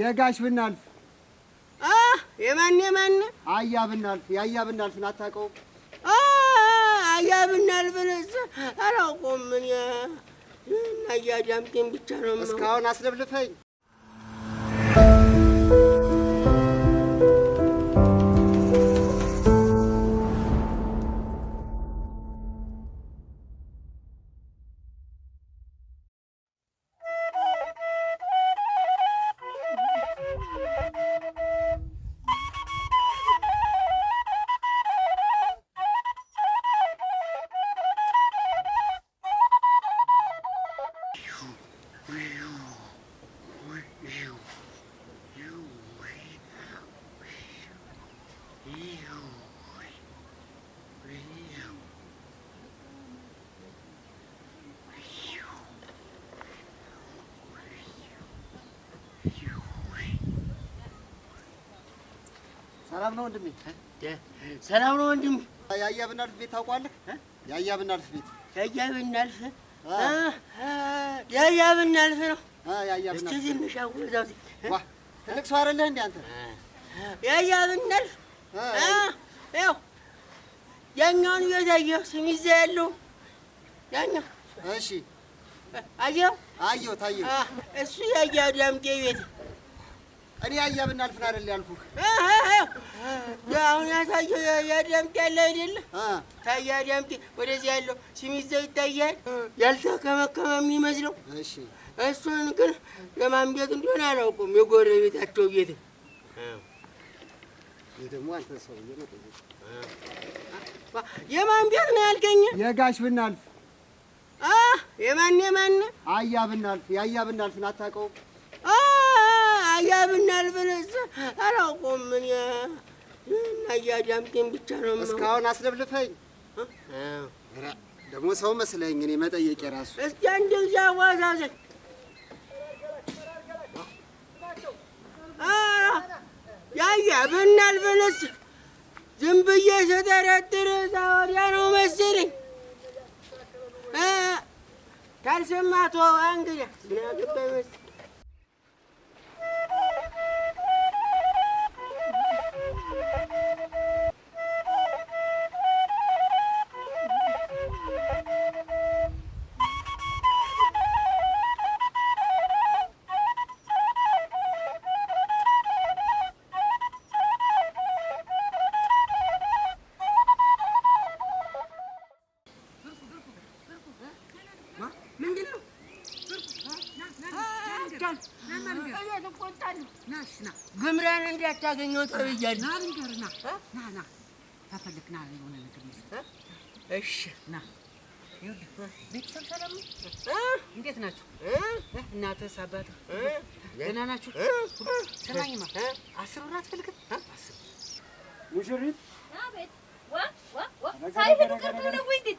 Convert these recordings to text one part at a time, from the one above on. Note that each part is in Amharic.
የጋሽ ብናልፍ የማን የማን አያ ብናልፍ የአያ ብናልፍን አታውቀውም? አያ ብናልፍን አላውቀውም። ምን አያ ዳምጤን ብቻ ነው እስካሁን አስለብልፈኝ ሰላም ነው ወንድሜ። ሰላም ነው ወንድም። የአያ ብናልፍ ቤት ታውቋለህ? የአያ ብናልፍ ቤት የአያ ብናልፍ የአያ ብናልፍ ነው። እስኪ ትንሽ አውዛው ትልቅ ሰው አይደለህ እንደ አንተ የአያ ብናልፍ ያው ያኛውን እያየሁ ስም ይዛ ያለው ያኛው እሺ፣ አየሁ አየሁ ታየሁ እሱ የአያ ዳምጤ ቤት እኔ አያ ብናልፍን አይደል ያልኩህ? አሁን ያሳየው የደምጤ ያለ አይደለ? ታያ ደምጤ ወደዚህ ያለው ሲሚዘ ይታያል። ያልተከመከመ የሚመስለው እሱን ግን ለማን ቤት እንደሆነ አላውቅም። የጎረቤታቸው ቤት የማን ቤት ነው ያልከኝ? የጋሽ ብናልፍ የማን የማን አያ ብናልፍ የአያ ብናልፍን አታውቀውም? ያብናል ብለህ አላውቀውም። ምን እናያዳምጤን ብቻ ነው እስካሁን አስለፍልፈኝ ደግሞ ሰው መስለኝ እኔ መጠየቅ የራሱ እስኪ አንድ ጊዜ አዋዛዘኝ ያያ ብናል ብለህ ዝም ብዬ ስጠረጥር እዛ ነው መሰለኝ ካልሰማህ ተወው እንግዲህ ያን እንዲያታገኘው ተብያለሁ። ና ልንገርህ፣ ና ና ና ተፈልግ ና የሆነ ነገር እሺ። ና ቤተሰብ ሰላም ነው? እንዴት ናችሁ? እናትህ አባትህ ገና ናችሁ? ስማኝማ አስር ብር አትፈልግም? ሙሽሪት ሳይሄዱ ቀርቶ ነው ወይ እንዴት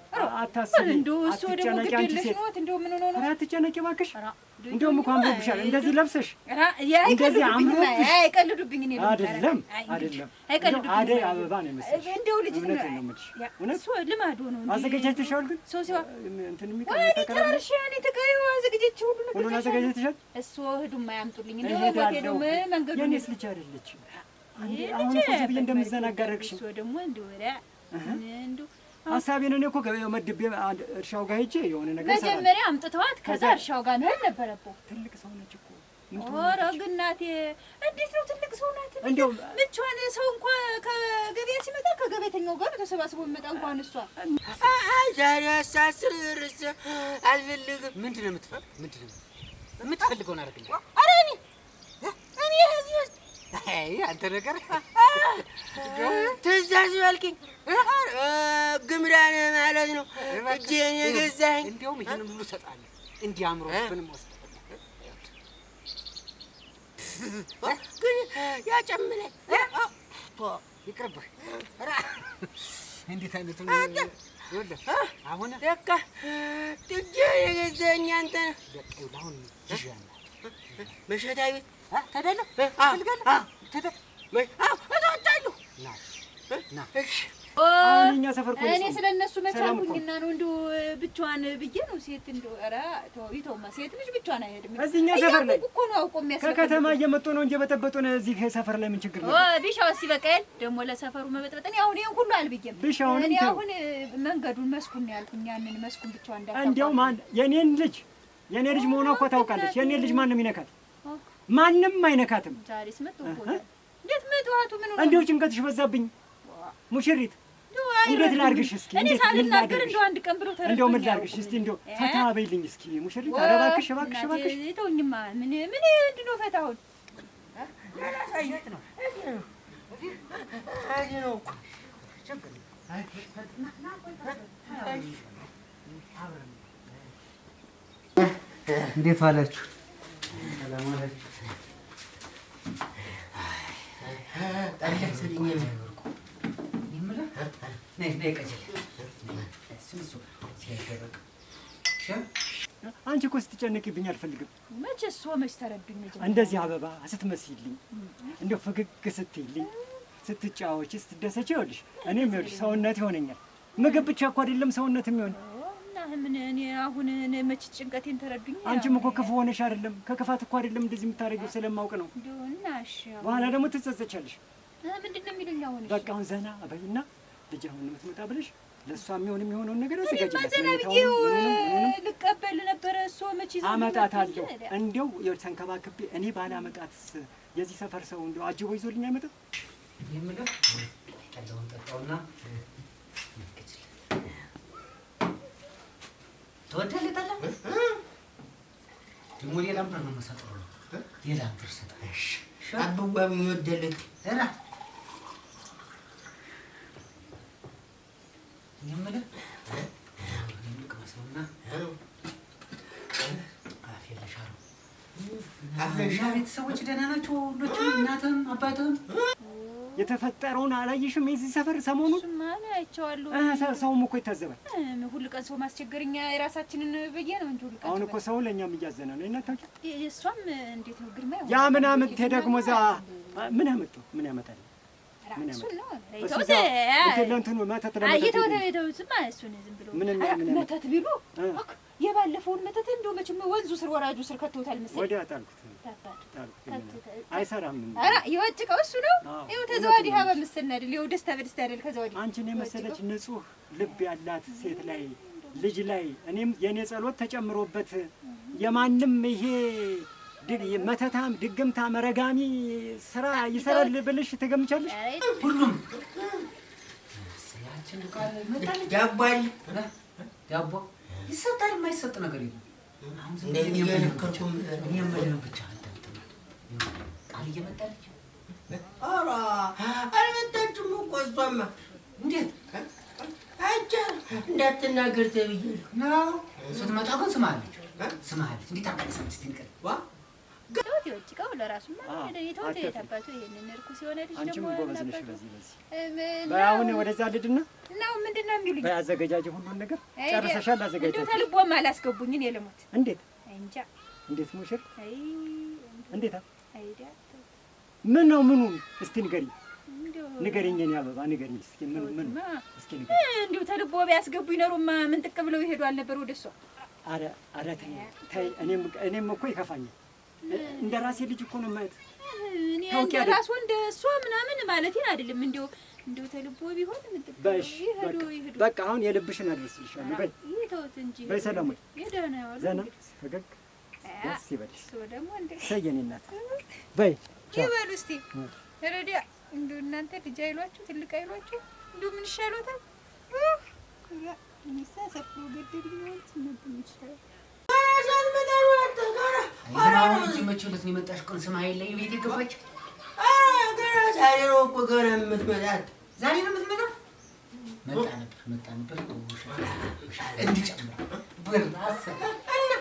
አታስቢ፣ አትጨነቂ። አንቺ ሴት ኧረ አትጨነቂ እባክሽ። እንደውም እኮ አምሮብሻል እንደዚህ ለብሰሽ እንደዚህ አምሮብሽ። አይቀልዱብኝ ነው አይደለም፣ አይደለም፣ አደይ አበባ ነው የመሰለሽ። እንደው ልጅ ነው የምልሽ። እሱ ልማድ ነው አዘጋጅተሻል። ግን ሰው ሲዋ እንትን የሚቀር ተቀራርሽ ያኔ ተቀዩ አዘጋጅተሽ ሁሉ ነገር ሁሉ አዘጋጅተሻል። እሱ እህዱማ ያምጡልኝ ነው ወቴ ነው መንገዱ። የኔስ ልጅ አይደለች። አሁን እኮ ዝም ብዬሽ እንደምዘናጋ አደረግሽ። እሱ ደግሞ እንደው ወዲያ እንደው ሀሳቤን እኔ እኮ መድቤ እርሻው ጋር ሄጄ የሆነ ነገር መጀመሪያ አምጥተዋት ከዛ እርሻው ጋር ምን ነበረብህ። ትልቅ ሰው ነች እኮ ኧረ ግን እናቴ እንዴት ነው ትልቅ ሰው ናት። እንደው ምቿን ሰው እንኳ ከገበያ ሲመጣ ከገበያተኛው ጋር ተሰባስቦ የሚመጣ እንኳን እሷ ዛሬ አሳስር ርስ አልፈልግም። ምንድን ነው የምትፈልገውን አደርግልሀል። አረ እኔ እኔ አንተ ነገር ትእዛዝ ባልከኝ ግምዳን ማለት ነው። እጄን የገዛኸኝ እንዲያውም ይህን ሁሉ እሰጥሀለሁ። እንዲህ አምሮ ብንም ወስድ ግን ያጨምለኝ ይቅርብህ። እንዴት አይነቱ አሁን በቃ እጄን የገዛኸኝ አንተ ነህ። በቃ አሁን መሸታ ቤት እኛ ሰፈር እኔ ስለ እነሱ መቻልኩኝና ነው እንደው ብቻዋን ብዬ ነው። ሴት እንደው ኧረ ይተውማ፣ ሴት ልጅ ብቻዋን አይሄድም። እዚህ እኛ ሰፈር ላይ እኮ ነው አውቆ የሚያስፈልግ ከከተማ እየመጡ ነው እንጂ የበጠበጡን እዚህ ሰፈር ላይ ምን ችግር ነው? ቢሻው ሲበቀል ደግሞ ለሰፈሩ መበጥበጥ አሁን ይሄን ሁሉ አልብዬም። ቢሻውን እኔ አሁን መንገዱን መስኩን ነው ያልኩኝ። ያንን መስኩን ብቻዋን እንዳታውቅ። የእኔን ልጅ የእኔ ልጅ መሆኗ እኮ ታውቃለች። የእኔን ልጅ ማንም ይነካል? ማንም አይነካትም። እንዲሁ ጭንቀትሽ በዛብኝ ሙሽሪት፣ እንዴት ላድርግሽ? እስኪ እኔ ሳልናገር እንደው አንድ ቀን ብሎ ተረድቶ እንደው ምን ላድርግሽ? እስኪ እንደው ፈታ በይልኝ እስኪ ሙሽሪት። ኧረ እባክሽ እባክሽ እባክሽ ተውኝማ። ምን ምን እንድኖ ፈታሁን እንዴት አላችሁ? አንቺ እኮ ስትጨነቅብኝ አልፈልግም። መቼ እሷ መች ተረዱኝ። እንደዚህ አበባ ስትመስይልኝ፣ እንደው ፈገግ ስትይልኝ፣ ስትጫወች፣ ስትደሰች ይኸውልሽ እኔም ይኸውልሽ ሰውነት ይሆነኛል። ምግብ ብቻ እኮ አይደለም ሰውነት የሚሆን እኔ አሁን እኔ መች ጭንቀቴን ተረዱኝ። አንቺም እኮ ክፉ ሆነሽ አይደለም ከክፋት እኮ አይደለም እንደዚህ የምታደርጊው ስለማውቅ ነው። በኋላ ደግሞ ትጸጸቻለሽ። ምንድን ነው የሚሉኝ አሁን? በቃ አሁን ዘና በይና ልጅ አሁን የምትመጣ ብለሽ ለእሷ የሚሆን የሚሆነውን ነገር ልቀበል ነበረ አመጣታለሁ። እንደው ተንከባክቤ እኔ ባለ አመጣትስ የዚህ ሰፈር ሰው እንደው አጅቦ ይዞልኝ አይመጣም የምለው ጠጣውና ትወዳለህ? ታላ ደግሞ ሌላም ብር ነው የምሰጠው። ሌላም ብር እሰጥሀለሁ። አበባ የሚወደለት ራ የምልህ ቤተሰቦች ደህና ናቸው ሁሎችም? እናትህም አባትህም የተፈጠረውን አላየሽም? የዚህ ሰፈር ሰሞኑን ማን አይቼዋለሁ። ሰውም እኮ ይታዘባል። ሁል ቀን ሰው ማስቸገርኛ የራሳችንን ብዬ ነው እንጂ ሁል ቀን አሁን እኮ ሰው ለእኛ እያዘነ ነው። እናታችሁ እሷም እንዴት ነው ግርማ? ያ ምናምንቴ ደግሞ እዛ ምን ያመጡ ምን ያመጣል? መተት ቢሉ የባለፈውን መተት እንደው መቼም ወንዙ ስር ወራጁ ስር ከተውታል መሰለኝ አይሰራም። ኧረ የወጭ ቀው እሱ ነው። ይኸው ተዘዋዲህ ሀበ ምስልና አይደል? ይኸው ደስታ በደስታ አይደል? አንቺን የመሰለች ንጹህ ልብ ያላት ሴት ላይ ልጅ ላይ እኔም የእኔ ጸሎት ተጨምሮበት የማንም ይሄ መተታም ረጋሚ ስራ ይሰራል ብልሽ ትገምቻለሽ? ሁሉም ይሰጣል። የማይሰጥ ነገር የለም። ቃል እየመጣለች ኧረ አልመጣችም እኮ እሷማ። እንዴት አቻ እንዳትናገር ተብዬ ነው። ስትመጣ ግን ስማለች ስማለች። እንዴት አቀሰ ስትንቀል ዋ ተውት ይወጭቀው ለራሱማ የተውት የታባቱ ይሄንን እርኩስ የሆነ ልጅ ደግሞ አሁን ወደዛ ልድና ነው ምንድን ነው የሚሉኝ? አዘገጃጀ ሁሉን ነገር ጨርሰሻል? አዘጋጅ እንደው ተልቦም አላስገቡኝን የልሞት እንዴት እንጃ እንዴት ሙሽር እንዴታ ምን ነው ምኑ? እስቲ ንገሪኝ ንገሪኝ፣ የኔ አበባ ንገሪኝ እስኪ ምን ምን እስኪ ንገሪኝ። እንዲሁ ተልቦ ቢያስገቡኝ ኖሮማ ምን ጥቅ ብለው ይሄዱ አልነበር ወደ እሷ። አረ አረ ተይ ተይ፣ እኔም እኔም እኮ ይከፋኛል። እንደ ራሴ ልጅ እኮ ነው ማለት እኔ እንደ ራስ ወንድ እሷ ምናምን ማለቴን አይደለም እንዲሁ እንደው ተልቦ ቢሆን ምን ይሄዱ ይሄዱ። በቃ አሁን የልብሽን አድርስልሻለሁ። በይ ተውት እንጂ በይ ሰላም ወይ ዘና ፈገግ ደስ ይበልሽ። ሰየኔ እናት በይ ይበሉ እስቲ ረዲያ እንዲሁ እናንተ ልጅ አይሏችሁ ትልቅ አይሏችሁ እንዲሁ ምን ይሻሎታል? መችለት የመጣሽ ቀን ስማ የለ ዛሬ ነው የምትመጣው። መጣ ነበር መጣ ነበር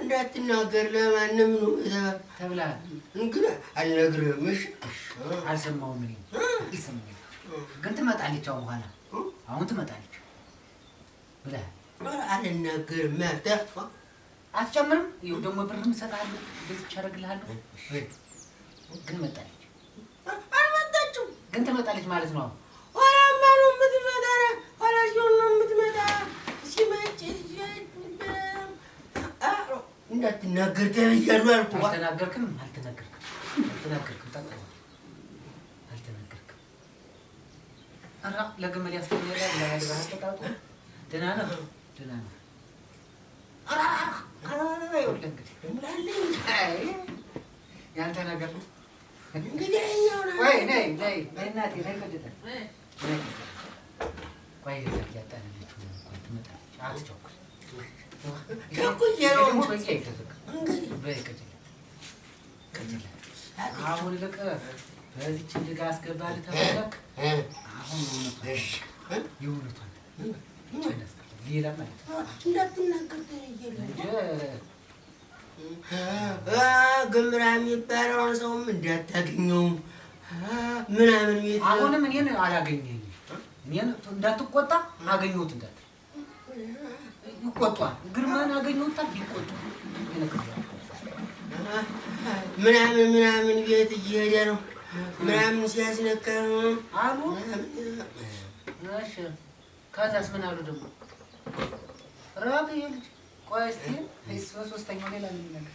እንዳትናገር ለማንም ነው ተብለሃል። እንግዲህ አልነግርህም። እሺ አልሰማሁም። እኔ ግን ትመጣለች አሁን በኋላ አሁን ትመጣለች ብለሃል። አልናገርም። ያልተፋ አትጨምርም። ይኸው ደግሞ ብርም እሰጥሃለሁ፣ ብቻ አደርግልሃለሁ። ግን መጣለች አልመጣችም። ግን ትመጣለች ማለት ነው። ኋላማ ነው የምትመጣ፣ ኋላ ሲሆን ነው የምትመጣ ሲመጭ እንዳትናገር ተብያሉ አልኩ። አልተናገርክም፣ አልተናገርክም፣ አልተናገርክም፣ ጠጠሩ አልተናገርክም። ኧረ ለግመል ያስገኛል። ደህና ነው፣ ደህና ነው። ይኸውልህ እንግዲህ ያንተ ነገር ነው እንግዲህ ቆይ አሁን ልቅ በዚች ልጋ ግምራ የሚባለውን ሰውም እንዳታገኘው ምናምን። አሁንም እኔን አላገኘኝ እንዳትቆጣ አገኘሁት እንዳት ይቆጧል። ግርማን አገኘሁታል ይቆጧል። ምናምን ምናምን ቤት እየሄደ ነው ምናምን ሲያስነካ አሉ። ከዛስ ምን አሉ ደግሞ? ራብ ይልጅ ቆይ እስኪ ሶስተኛው ሌላ ምን ነገር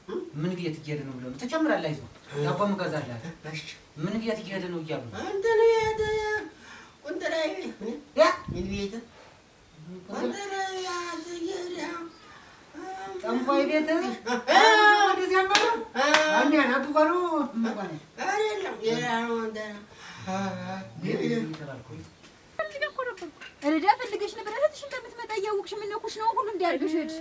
ምን ቤት እየሄደ ነው ብለው ተጨምራለህ። አይዞህ ዳቦ የምገዛልህ ምን ቤት እየሄደ ነው እያሉ አንተ ነው ጠንቋይ ቤት እንደዚህ ረዳ ፈልገሽ ነበር እህትሽ እንደምትመጣ እያወቅሽ ምን ነኩሽ ነው ሁሉ እንዲያርግሽ ሄድሽ።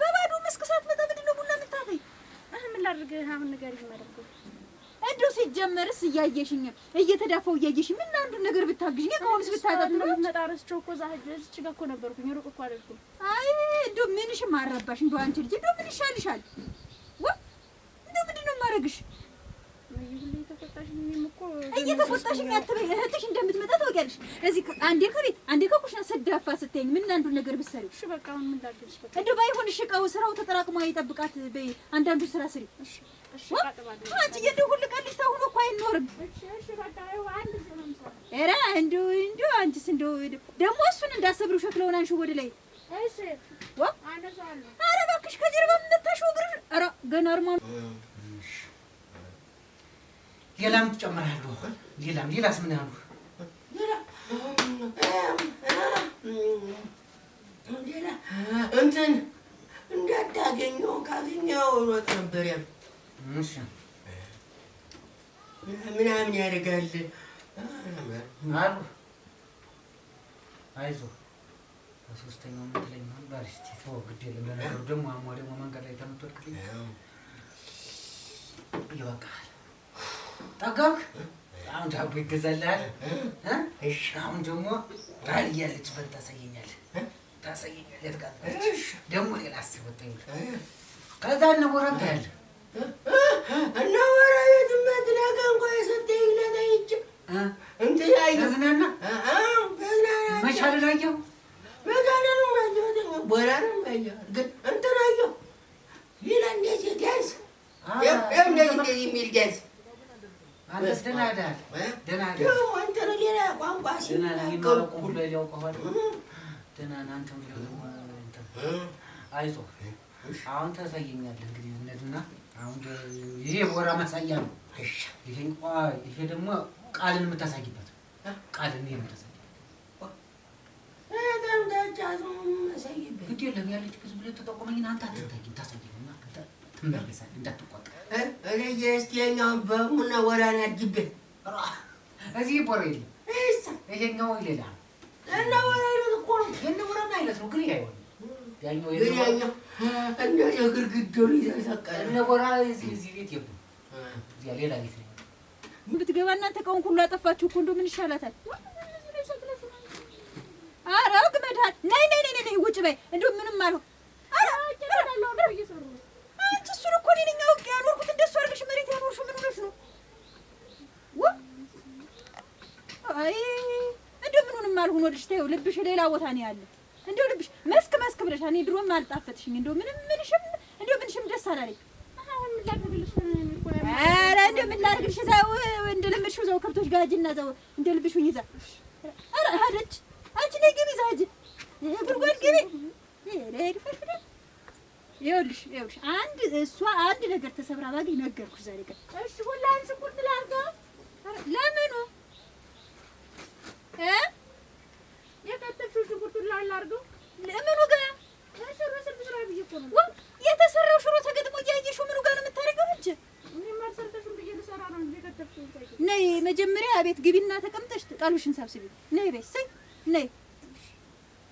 በባዶ መስክ ሳትመጣ ምንድን ነው ቡና የምታፈይ? ምን ላድርግ አሁን ንገሪኝ። እንደው ሲጀመርስ እያየሽኝ እየተዳፈው እያየሽኝ ምን አንዱ ነገር ብታግዥኝ ከሆነስ ብታጣጥ ነው መጣረስቸው እኮ እዛ እዚች ጋር እኮ ነበርኩኝ ሩቅ እኮ አደረኩኝ። አይ እንደው ምንሽ ማረባሽ? እንደው አንቺ ልጅ እንደው ምን ይሻልሻል? እንደው ምንድን ነው የማደርግሽ? እየተቆጣሽኝ አትበይ። እህትሽ እንደምትመጣ ታውቂያለሽ። እዚህ አንዴ ከቤት አንዴ ከኩሽና ሰዳፋ ስትይኝ ምን አንዱን ነገር ብትሰሪው እሺ። በቃ አሁን ምን ላድርግሽ? በቃ እንደው ባይሆንሽ እቃው ስራው ተጠራቅሞ አይጠብቃት በይ። አንዳንዱ ስራ ስሪ እሺ። እሺ አንቺ እኮ አይኖርም። እሺ እሺ ኧረ እንደው እንደው አንቺስ እንደው ደግሞ እሱን እንዳሰብሪው ሸክለውን አንሺው ወደ ላይ እሺ። ኧረ እባክሽ ከጀርባ ምን ተሽው ኧረ ገና አርማ ሌላም ትጨምራለሁ። ሌላም ሌላስ ምን ያሉ ሌላ እንትን እንዳታገኘው ካገኘው ሮጥ ነበር ምናምን ያደርጋል አሉ። አይዞህ በሶስተኛው ምትለኝ ማንባር ስ ተወው፣ ግድ የለም። ለነገሩ ደግሞ አሟ ደግሞ መንገድ ላይ ተመትወድቅ ይበቃል። ጠገብክ? አሁን ዳቦ ይገዛልሃል። አሁን ደግሞ ባህል እያለችበት ታሳየኛለህ፣ ታሳየኛለህ። ትቃጥላለች ደግሞ ሌላ አስበጠኝ። ከዛ እነቦረታ ያለ እነቦራ የትማ ትናጋ እንኳ የሰጠኝ ለታይች እንትን ያየሁ ተዝናና መቻልን አየሁ፣ መቻልንም አየሁ፣ ቦራንም አየሁ። ግን እንትን አየሁ ይላ እንደዚህ ዳንስ እንደዚህ የሚል ዳንስ አንተን አሁን ታሳየኛለህ። እንግዲህ እነድና አሁን ይሄ ቦራ ማሳያ ነው። ይሄ ደግሞ ቃልን የምታሳይበት ቃልን የምታሳይበት ግድ የለም ያለችበት ብለህ ተጠቆመኝና አንተ አትታይም፣ ታሳየኝ ትመለሳለህ እንዳትቆጣ እኔ የስቲኛውን ብትገባ እናንተ ቀውን ሁሉ አጠፋችሁ እኮ እንደው ምን ይሻላታል? ኧረ ግመድሀል ነይ ነይ ነይ ነይ ውጭ በይ እንደው ምንም አልሆን ኧረ እኔ ነኝ አውቄ ያኖርኩት። እንደሱ አድርገሽ መሬት ያኖርሽው ምን ሆነሽ ነው? አይ እንደው ምኑንም አልሆኖልሽ። ተይው፣ ልብሽ ሌላ ቦታ ነው ያለ። እንደው ልብሽ መስክ መስክ ብለሽ እኔ ድሮም አልጣፈጥሽኝ። እንደው ምንም ምንሽም እንደው ምንሽም ደስ አላለኝ። ኧረ እንደው ምን ላድርግልሽ? እዛው እንደለመድሽው እዛው ከብቶች ጋር ሂጂ እዛው እንደ ልብሽ ሁኚ። ኧረ አንቺ ነይ ግቢ፣ እዛ ሂጂ፣ ጉድጓድ ግቢ። ሄደ ሄድፈሽ ይኸውልሽ ይኸውልሽ አንድ እሷ አንድ ነገር ተሰብራ ባገኝ ነገርኩሽ። ዛሬ ቀን እሺ፣ ሁላን ሽንኩርት ላድርገው። ለምኑ እ የከተፍሽው ሽንኩርት ሁላን ለምኑ ጋር ሽሮ ስር ብስራ እኮ ነው የተሰራው። ሽሮ ተገጥሞ እያየሽው ምኑ ጋር ነው የምታደርገው? እንጂ እኔማ አልሰርተሽም ብዬሽ ልሰራ ነው እንጂ የከተፍሽው። ነይ መጀመሪያ ቤት ግቢና ተቀምጠሽ ቃሉሽን ሰብስቢ። ነይ በይ፣ ሰይ ነይ።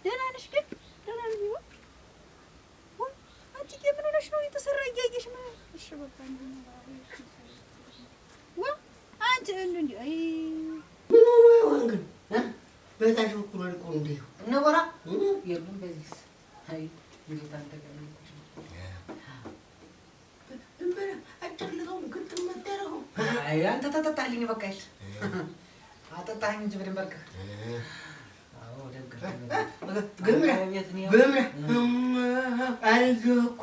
ደህና ነሽ ግን ነው የተሰራ እያየሽ ነው። እሺ በቃ ዋ አንቺ እንዴ አይ በታሽ በኩል ወድቆ እንዴ እነ የሉም። በዚህ አይ እንዴት አንተ አንተ ተጠጣልኝ በቃ ይል አጠጣኝ እንጂ በደንብ አድርገህ አዎ ደግ ግን እኮ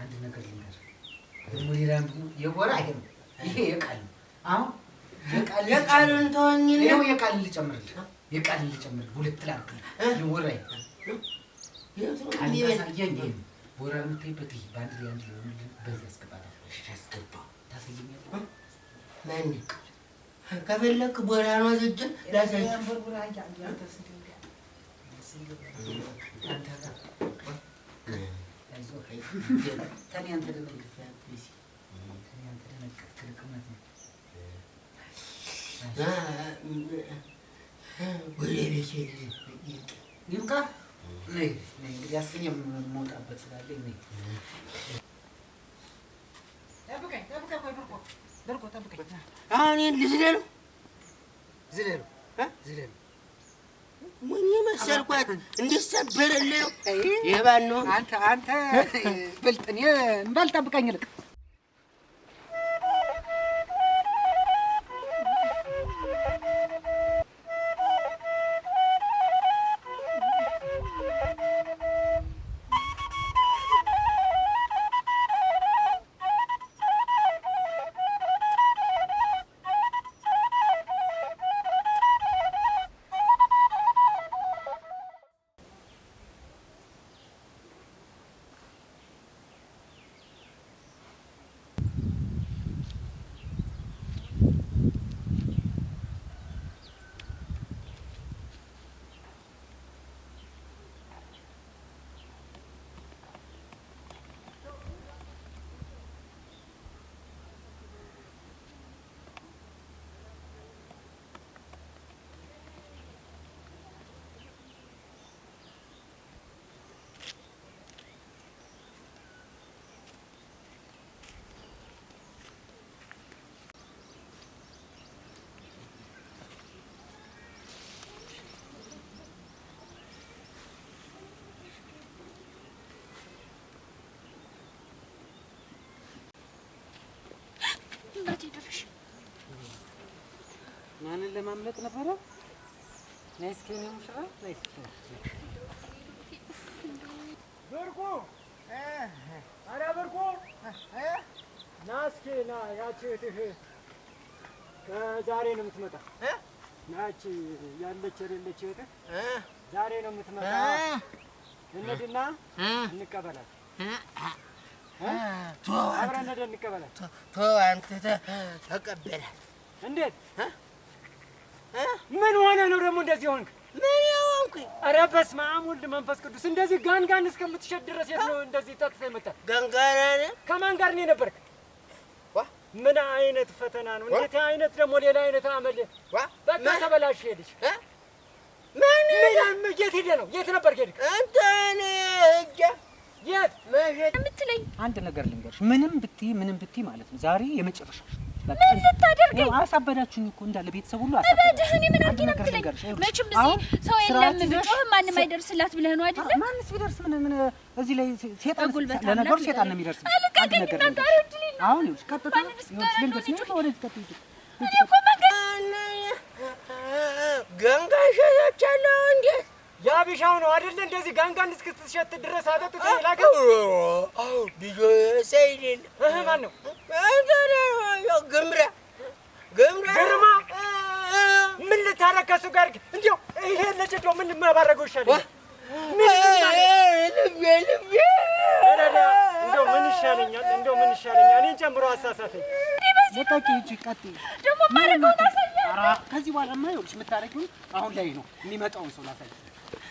አንድ ነገር ልንገር፣ ደግሞ ሌላ የወራ አይደለም ይሄ የቃል አሁን የቃል የቃልን ነው። የቃል ልጨምርልህ፣ የቃል ልጨምርልህ፣ ሁለት ላድርግልህ። የወራ ይሄ ወራ የምታይበት ይሄ በአንድ ላይ አንድ ላይ በዚህ አስገባለሁ። ያስገባ ታሳየኛለህ። ማን ከፈለክ ቦራ ነው ዝጅ ላሳይ አይዞህ ዝለሉ ዝለሉ ምን መሰልኳት እንደሰበረ ነው ይባን ነው አንተ አንተ ብልጥ እኔ እንዳልጠብቀኝ ልክ ብረት ይደረሽ። ማንን ለማምለጥ ነበረ? ናይስ ኬን ሙሽራ ናይስ ኬን ብርቁ አዳ ብርቁ ናስኬ ና ያቺ እህትህ ዛሬ ነው የምትመጣ። ናቺ ያለች የሌለች እህትህ ዛሬ ነው የምትመጣ። እንሂድና እንቀበላል ተቀበለ። እንዴት ምን ሆነ ነው ደግሞ እንደዚህ ሆንክ? ምን የሆንኩኝ? ኧረ በስመ አብ ወልድ መንፈስ ቅዱስ እንደዚህ ጋንጋን እስከምትሸት ድረስ የት ነው እንደዚህ ጠጥተህ የመጣህ? ጋንጋን ከማን ጋር ነው የነበርክ? ምን አይነት ፈተና ነው? እንዴት አይነት ደግሞ ሌላ አይነት አመል። በቃ ተበላሽ ሄድሽ። ምን ምን የት ሄደህ ነው? የት ነበር ሄድክ? እንትን ሂጅ የት መሄድ የምትለኝ አንድ ነገር ልንገርሽ። ምንም ብትይ ምንም ብትይ ማለት ነው ዛሬ የመጨረሻሽ። ምን ልታደርገኝ? አሳበዳችሁኝ እኮ እንዳለ ቤተሰብ ሁሉ አሳበዳችሁ። ምን አድርጌ ነው የምትለኝ? መቼም እዚህ ሰው የለም ብጮህ ማንም አይደርስላት ብለህ ነው አይደለ? ማንስ ቢደርስ ምን ምን እዚህ ላይ ሴጣን፣ ለነገሩ ሴጣን ነው የሚደርስ። አንድ ነገር አሁን ይኸውልሽ፣ ቀጥታ ልንገርሽ ነው ወደ ቀጥታ እኔ ገንጋሽ ያቻለው እንዴት ያብሻው ነው አይደለ? እንደዚህ ጋንጋን እስክትሸት ድረስ አጠጥቶ ይላገው። አዎ ቢጆ ሰይድን እህ ማን ነው? ግምራ ግምራ ግርማ ምን ልታረግ ከሱ ጋር እንዴው ይሄ ልጅ ምን ማባረገው ይሻለኛል? ምን ልቤ ልቤ ምን ምን ከዚህ በኋላ ይኸውልሽ የምታረጊውን አሁን ላይ ነው የሚመጣውን ሰው ላሳይ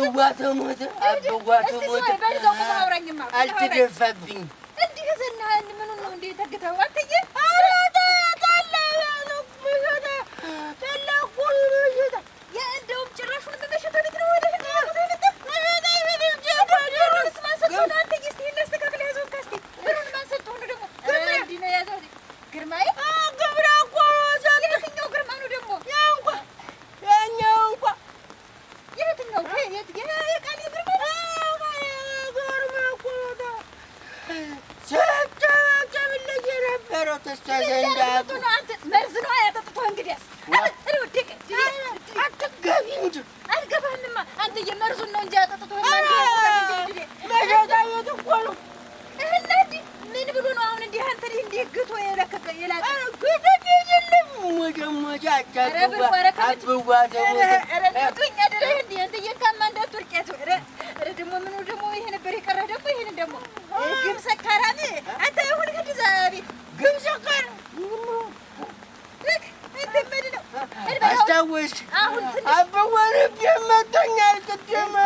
አበዋ ተሞተ፣ አበዋ ተሞተ። አልተደፋብኝ ってやんま